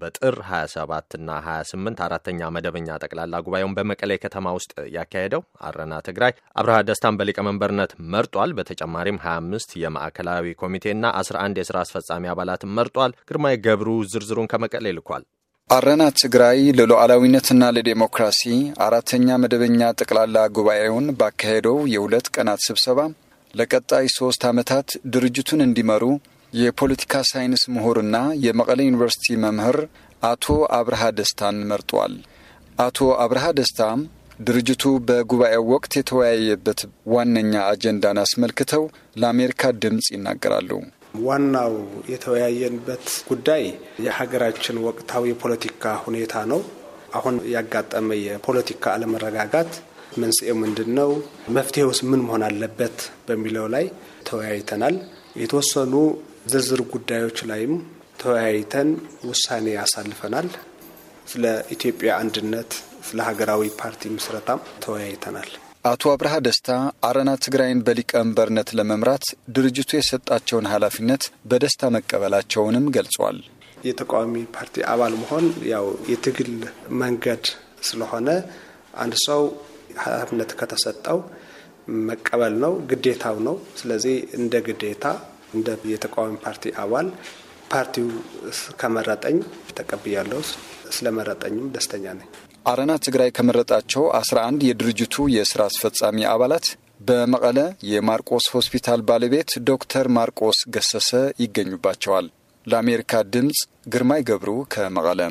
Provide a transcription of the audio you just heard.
በጥር 27 እና 28 አራተኛ መደበኛ ጠቅላላ ጉባኤውን በመቀሌ ከተማ ውስጥ ያካሄደው አረና ትግራይ አብርሃ ደስታን በሊቀመንበርነት መርጧል። በተጨማሪም 25 የማዕከላዊ ኮሚቴና 11 የስራ አስፈጻሚ አባላትን መርጧል። ግርማይ ገብሩ ዝርዝሩን ከመቀሌ ልኳል። አረና ትግራይ ለሉዓላዊነትና ለዴሞክራሲ አራተኛ መደበኛ ጠቅላላ ጉባኤውን ባካሄደው የሁለት ቀናት ስብሰባ ለቀጣይ ሶስት ዓመታት ድርጅቱን እንዲመሩ የፖለቲካ ሳይንስ ምሁርና የመቀሌ ዩኒቨርሲቲ መምህር አቶ አብርሃ ደስታን መርጧል። አቶ አብርሃ ደስታም ድርጅቱ በጉባኤው ወቅት የተወያየበት ዋነኛ አጀንዳን አስመልክተው ለአሜሪካ ድምፅ ይናገራሉ። ዋናው የተወያየንበት ጉዳይ የሀገራችን ወቅታዊ የፖለቲካ ሁኔታ ነው። አሁን ያጋጠመ የፖለቲካ አለመረጋጋት መንስኤው ምንድን ነው? መፍትሄውስ ምን መሆን አለበት? በሚለው ላይ ተወያይተናል። የተወሰኑ ዝርዝር ጉዳዮች ላይም ተወያይተን ውሳኔ ያሳልፈናል። ስለ ኢትዮጵያ አንድነት፣ ስለ ሀገራዊ ፓርቲ ምስረታም ተወያይተናል። አቶ አብርሃ ደስታ አረና ትግራይን በሊቀመንበርነት ለመምራት ድርጅቱ የሰጣቸውን ኃላፊነት በደስታ መቀበላቸውንም ገልጸዋል። የተቃዋሚ ፓርቲ አባል መሆን ያው የትግል መንገድ ስለሆነ አንድ ሰው ኃላፊነት ከተሰጠው መቀበል ነው፣ ግዴታው ነው። ስለዚህ እንደ ግዴታ እንደ የተቃዋሚ ፓርቲ አባል ፓርቲው ከመረጠኝ ተቀብያለሁ። ስለመረጠኝም ደስተኛ ነኝ። አረና ትግራይ ከመረጣቸው 11 የድርጅቱ የስራ አስፈጻሚ አባላት በመቀለ የማርቆስ ሆስፒታል ባለቤት ዶክተር ማርቆስ ገሰሰ ይገኙባቸዋል። ለአሜሪካ ድምፅ ግርማይ ገብሩ ከመቀለ